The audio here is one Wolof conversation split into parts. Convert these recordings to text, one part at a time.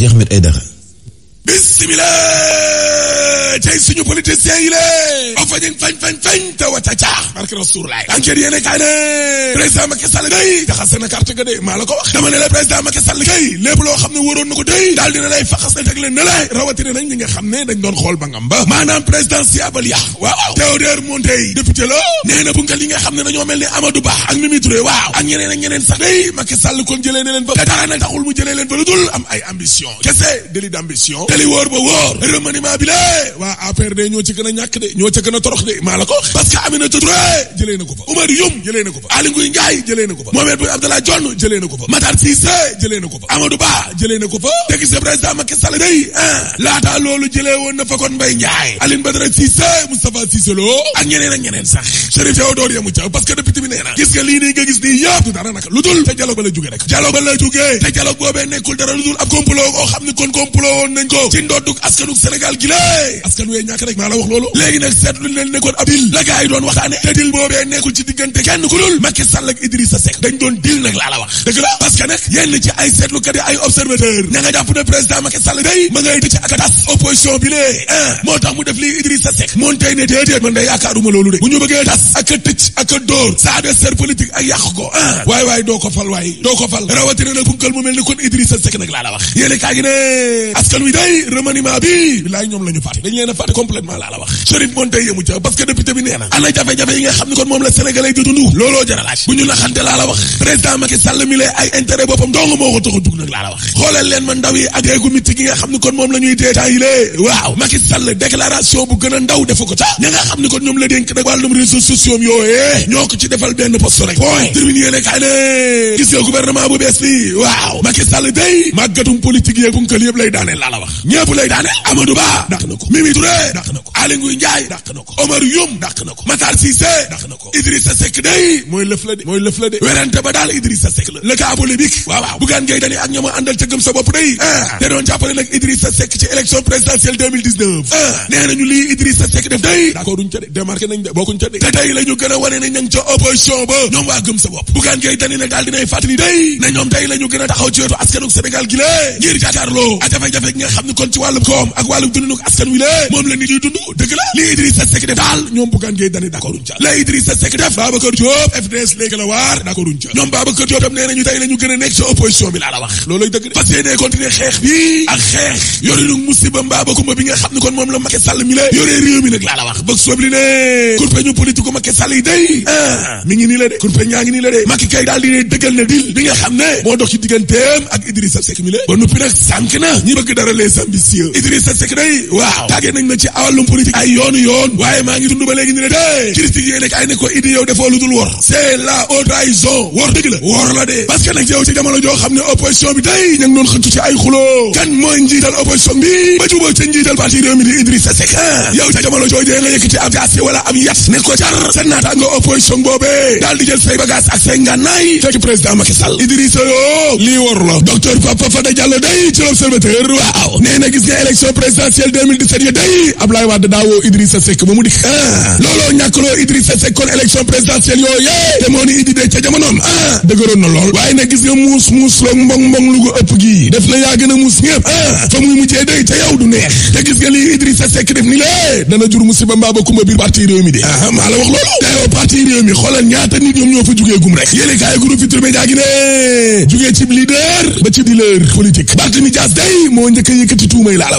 Hadji Ahmed Aidara bismillah cay suñu politiciens yi lée am fañañ fañ-fañ-fañ te wata caax barke rasuur laay enquête yéene kaay ne président Macky Sall day jaxase na carte ga de maa la ko wax dama ne la président Macky Sall kay lépp loo xam ne waroon na ko day daal dina lay faxas na teg leen na lay rawatina nag ñi nga xam ne dañ doon xool ba ngam ba maanaam président siabal ya waaw Théodore Montey député la nee bu nga li nga xam ne dañoo mel ni Amadou Ba ak Mimi Touré waa APR de ñoo ci gën a ñàkk de ñoo ci gën a torox de maa la ko wax parce que Aminata Touré jëlee na ko fa Oumar Youm jëlee na ko fa Aly Ngouille Ndiaye jëlee na ko fa Mohamed Boun Abdallah Dionne jëlee na ko fa Matar Cissé jëlee na ko fa Amadou Ba jëlee na ko fa te gis président Macky Sall day ah laataa loolu jëlee woon na fa kon Mbaye Ndiaye Aline Badara Cissé Moustapha Cissé Lo ak ñeneen ak ñeneen sax Chérif Théodore yamu ca parce que député bi nee na gis nga lii nii nga gis nii yëpp du dara nag lu dul te dialogue ba la jugee rek dialogue ba la jugee te dialogue boobee nekkul dara lu dul ab complot koo xam ne kon complot woon nañ ko ci ndoddug askanug Sénégal gi lée askan wee ñàkk rek maa la wax loolu léegi nag seetlu leen nekkoon ab dil la gars doon waxtaane te dil boobee nekkul ci diggante kenn ku dul Macky Sall ak Idrissa Seck dañ doon dil nag laa la wax dëgg la parce que ci ay seetlukat yi ay observateur ña nga jàpp ne président Macky Sall day ma ngay dëcc ak a tas opposition bi moo tax mu def lii Idrissa Seck moom tey ne déedéet man day yaakaaruma loolu de bu ñu bëggee tas ak a tëcc ak a dóor sa adversaire politique ko ah waay ngeen a fàtte complètement laa la wax Chérif Monteil yëmu ca parce que député bi nee ana jafe-jafe yi nga xam ne kon moom la sénégalais di dund looloo jar a bu ñu la laa la wax président Macky Sall mi lay ay intérêt boppam dong moo ko tax a dugg nag laa la wax xoolal leen ma ndaw yi ak réegu mitti gi nga xam ne kon moom la ñuy dee temps yi lée waaw Macky Sall déclaration bu gën a ndaw defu ko ca ña nga xam ne kon ñoom la dénk nag wàllum ko ci Mimi Touré dàq na ko Aly Ngouille Ndiaye dàq day mooy lëf la de mooy ba daal Idrissa Seck la le cas polémique waaw waaw Bougane Gueye Dany ak ñoom a ca gëm sa bopp day ah. te doon jàppale nag Idrissa Seck ci élection présidentielle 2019 ah nee nañu lii Idrissa def day d'accord duñ ca de démarqué nañ de bokkuñ ca de te tey la ñu gën a wane ca opposition ba ñoom waa gëm sa bopp Bougane Gueye Dany nag daal dinay fàttali day ne ñoom tey moom la nit ñi dund dëgg la li Idrissa Seck def daal ñoom Bougane Gueye Dany d'accord uñ ca la Idrissa Seck def Babacar Diop FDS léegi la waar d'accord ñu gën a nekk ci opposition bi laa la wax loolay dëgg de parce que ne xeex bi ak xeex yorinu musiba mbaa bakumba bi nga xam ne kon moom la Macky Sall mi la yoree mi nag laa la wax bëgg soob li ne kurpe ñu politique yi day ah, mi ngi nii la de kurpe ñaa ngi nii la de Macky kay daal di dëggal attaqué nañ ma ci awàllum politique ay yoonu yoon waaye maa ngi dund ba léegi ni ne dé critique yéen nekk yow defoo lu dul wor c'est la haute trahison wor dëgg wor la dee parce que yow ci jamono joo xam ne opposition bi day ña ngi doon ci ay xuloo kan mooy njiital opposition bi ba juboo njiital parti réew mi di Idrissa Seck yow ca jamono joojee nga yëkkati ab jaas wala am yat ne ko jar sa naata nga daal di jël say bagaas ak say ngànnaay fekk day Ablaye Wade daa woo Idrissa Seck ba mu dikk ah. looloo ñàkkaloo Idrissa Seck kon élection présidentielle yoo te moo ni de ah. na lool waaye a muus ñëpp ah fa muy te gis nga lii Idrissa def ni lée dana jur musiba mbaa ba kumba biir parti réew mi de ah maa la wax loolu te parti réew mi xoolal ñaata nit ñoom ñoo fa jugee gum rek yéene kaay groupe Futurs Médias gi ne jugee cib leader ba ci dealer politique Barthélémy Dias day moo njëkk a yëkkati tuumay laa la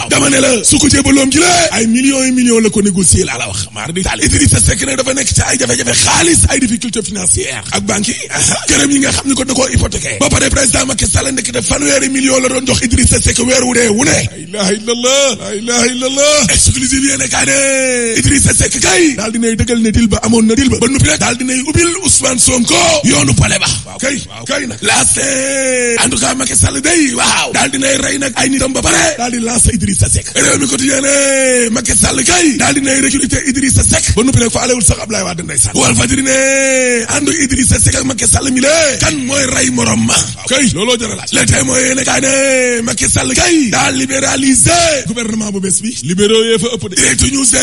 waaw dama ne la su ko jébaloom ji la ay millions yi millions la ko négocier laa wax maar di taal Idrissa Seck nag dafa nekk ci ay jafe-jafe xaalis ay difficulté financière ak banque yi ah, ah. yi nga xam ne ko da koo hypothéqué ba pare président Macky Sall nekk def fanweeri millions la doon jox Idrissa Seck weer wu dee wu ne la ilaha ne Idrissa Seck kay daal dinay ne dil ba Sonko yoonu pale ba kay kay nag lancé en tout cas Macky Sall day waaw daal dinay rey nag ay nitam ba pare Idrissa Seck réew mi quotidien ne fa alewul sax Ablaye Wade ndeysaan ma kay looloo jar a laaj le tey mooy yéene kaay ne Macky Sall kay daa libéraliser gouvernement bu bees bi libéraux yee fa ëpp de directu ñu se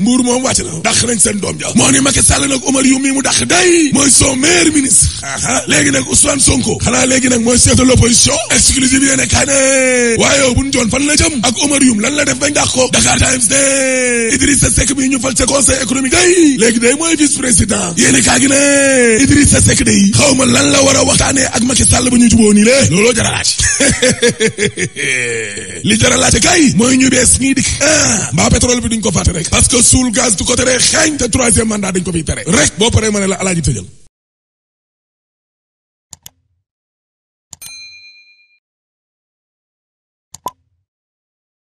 mbuur moom wàcc na dàq nañ seen doom jaw moo ni nag Omar Youm mu dàq day mooy son meilleur ministre aa nag Ousmane Sonko xanaa léegi nag mooy chef exclusive yéene kaay waaye yow joon fan la itam ak Omar lan la def bañ dàq ko Dakar Times de Idrissa Seck bi ñu fal ca conseil économique day léegi day mooy vice président yéene kaa gi ne Idrissa Seck day xaw ma lan la war a waxtaanee ak Macky Sall ba ñu juboo nii lée looloo jara laaj li jara laaj kay mooy ñu bees ñii dikk ah mbaa pétrole bi duñ ko fàtte rek parce que suul gaz du ko tere xeeñ te troisième mandat dañ ko fiy tere rek boo paree ma ne la alaaji tëjal